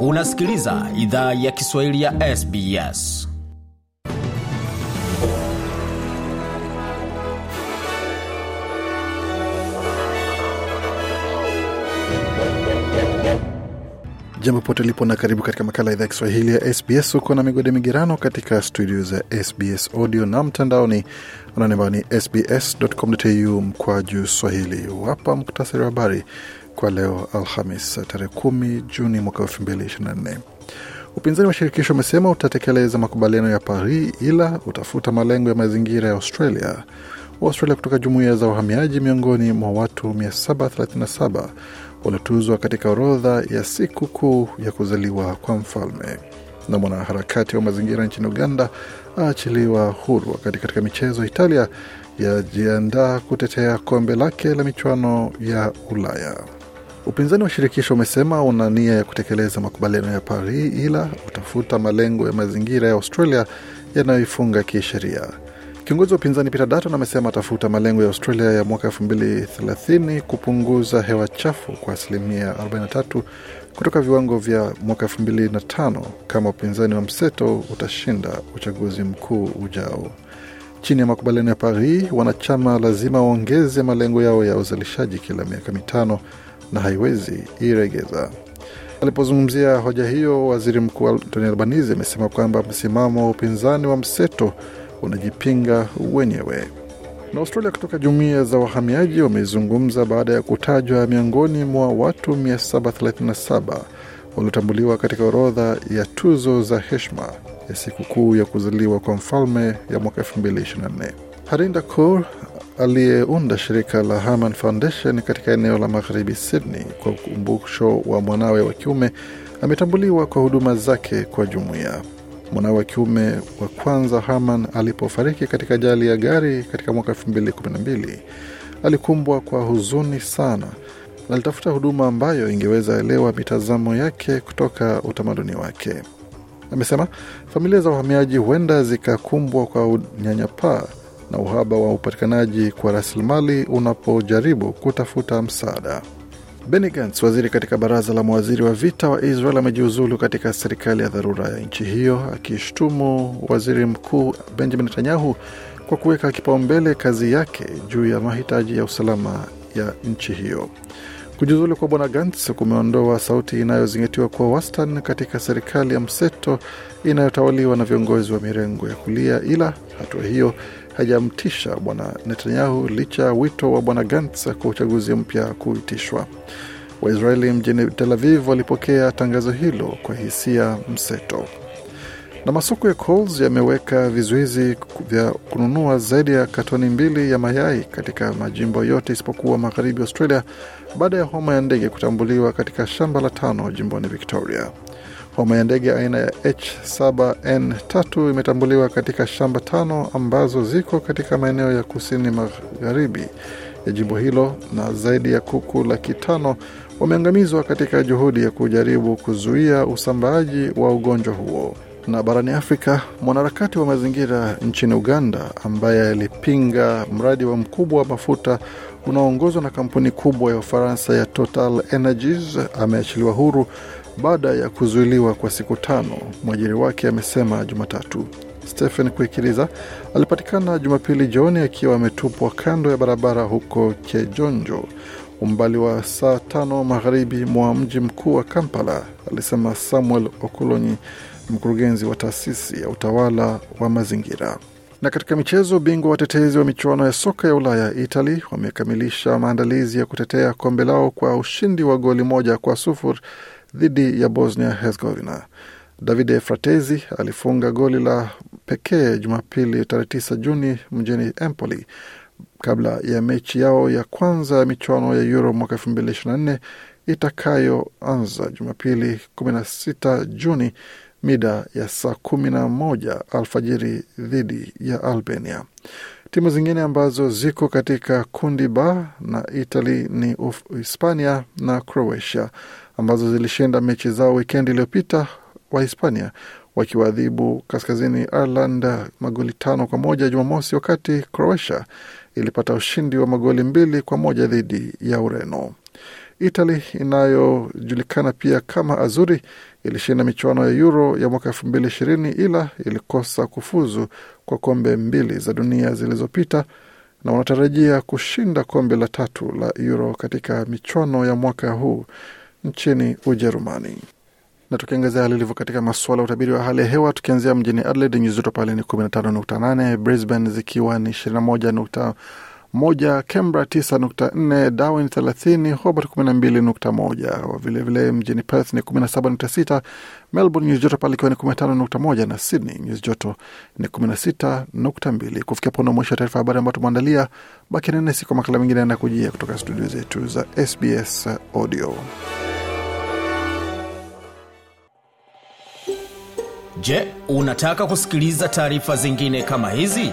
Unasikiliza idhaa ya Kiswahili ya SBS. Jambo pote lipo na karibu katika makala ya idhaa ya Kiswahili ya SBS. huko na migode migerano katika studio za SBS audio na mtandaoni, anaonembao ni sbscu mkwa juu swahili. wapa muktasari wa habari kwa leo Alhamis tarehe kumi Juni mwaka elfu mbili ishirini na nne. Upinzani wa shirikisho umesema utatekeleza makubaliano ya Paris ila utafuta malengo ya mazingira ya Australia. Waustralia kutoka jumuiya za uhamiaji miongoni mwa watu 737 waliotuzwa katika orodha ya siku kuu ya kuzaliwa kwa mfalme. Na mwanaharakati wa mazingira nchini Uganda aachiliwa huru. Wakati katika michezo, Italia yajiandaa kutetea kombe lake la michuano ya Ulaya. Upinzani wa shirikisho umesema una nia ya kutekeleza makubaliano ya Paris ila utafuta malengo ya mazingira ya Australia yanayoifunga kisheria. Kiongozi wa upinzani Peter Dutton amesema atafuta malengo ya Australia ya mwaka 2030 kupunguza hewa chafu kwa asilimia 43 kutoka viwango vya mwaka 2005 kama upinzani wa mseto utashinda uchaguzi mkuu ujao. Chini ya makubaliano ya Paris, wanachama lazima waongeze malengo yao ya uzalishaji kila miaka mitano na haiwezi iregeza. Alipozungumzia hoja hiyo, waziri mkuu Antoni Albanizi amesema kwamba msimamo wa upinzani wa mseto unajipinga wenyewe. Na Australia kutoka jumuiya za wahamiaji wamezungumza baada ya kutajwa miongoni mwa watu 737 waliotambuliwa katika orodha ya tuzo za heshima ya sikukuu ya kuzaliwa kwa mfalme ya mwaka 2024. Harinda Kaur aliyeunda shirika la Harman Foundation katika eneo la magharibi Sydney kwa ukumbusho wa mwanawe wa kiume ametambuliwa kwa huduma zake kwa jumuiya. Mwanawe wa kiume wa kwanza Harman alipofariki katika ajali ya gari katika mwaka mbili alikumbwa kwa huzuni sana na alitafuta huduma ambayo ingeweza elewa mitazamo yake kutoka utamaduni wake. Amesema familia za wahamiaji huenda zikakumbwa kwa unyanyapaa na uhaba wa upatikanaji kwa rasilimali unapojaribu kutafuta msaada. Benny Gantz, waziri katika baraza la mawaziri wa vita wa Israel, amejiuzulu katika serikali ya dharura ya nchi hiyo, akishtumu waziri mkuu Benjamin Netanyahu kwa kuweka kipaumbele kazi yake juu ya mahitaji ya usalama ya nchi hiyo. Kujiuzulu kwa bwana Gantz kumeondoa sauti inayozingatiwa kwa wastan katika serikali ya mseto inayotawaliwa na viongozi wa mirengo ya kulia, ila hatua hiyo hajamtisha bwana Netanyahu licha ya wito wa bwana Gantz kwa uchaguzi mpya kuitishwa. Waisraeli mjini Tel Aviv walipokea tangazo hilo kwa hisia mseto na masoko ya Coles yameweka vizuizi vya kununua zaidi ya katoni mbili ya mayai katika majimbo yote isipokuwa magharibi Australia baada ya homa ya ndege kutambuliwa katika shamba la tano jimboni Victoria. Homa ya ndege aina ya H7N3 imetambuliwa katika shamba tano ambazo ziko katika maeneo ya kusini magharibi ya jimbo hilo na zaidi ya kuku laki tano wameangamizwa katika juhudi ya kujaribu kuzuia usambaaji wa ugonjwa huo. Na barani Afrika, mwanaharakati wa mazingira nchini Uganda ambaye alipinga mradi wa mkubwa wa mafuta unaoongozwa na kampuni kubwa ya Ufaransa ya Total Energies ameachiliwa huru baada ya kuzuiliwa kwa siku tano, mwajiri wake amesema Jumatatu. Stephen Kuikiliza alipatikana Jumapili jioni akiwa ametupwa kando ya barabara huko Kejonjo, umbali wa saa tano magharibi mwa mji mkuu wa Kampala, alisema Samuel Okolonyi, mkurugenzi wa taasisi ya utawala wa mazingira. Na katika michezo, bingwa watetezi wa michuano ya soka ya Ulaya Italy wamekamilisha maandalizi ya kutetea kombe lao kwa ushindi wa goli moja kwa sufuri dhidi ya Bosnia Herzegovina. Davide Fratezi alifunga goli la pekee Jumapili tarehe 9 Juni mjini Empoli kabla ya mechi yao ya kwanza ya michuano ya Euro mwaka 2024 itakayoanza Jumapili 16 Juni mida ya saa kumi na moja alfajiri dhidi ya Albania. Timu zingine ambazo ziko katika kundi ba na Itali ni Hispania na Croatia ambazo zilishinda mechi zao wikendi iliyopita, wa hispania wakiwaadhibu Kaskazini Ireland magoli tano kwa moja Jumamosi, wakati Croatia ilipata ushindi wa magoli mbili kwa moja dhidi ya Ureno. Italy inayojulikana pia kama Azuri ilishinda michuano ya Euro ya mwaka elfu mbili ishirini ila ilikosa kufuzu kwa kombe mbili za dunia zilizopita na wanatarajia kushinda kombe la tatu la Euro katika michuano ya mwaka huu nchini Ujerumani. Na tukiangazia hali ilivyo katika masuala ya utabiri wa hali ya hewa, tukianzia mjini Adelaide, nyuzi joto pale ni 15.8, Brisbane zikiwa ni 21 moja Canberra tisa nukta nne Darwin thelathini Hobart kumi na mbili nukta moja vilevile mjini Perth ni kumi na saba nukta sita Melbourne nyuzi joto pale ikiwa ni kumi na tano nukta moja na Sydney nyuzi joto ni kumi na sita nukta mbili Kufikia pono mwisho wa taarifa habari ambayo tumeandalia, baki na nasi kwa makala mengine yanakujia kutoka studio zetu za SBS Audio. Je, unataka kusikiliza taarifa zingine kama hizi?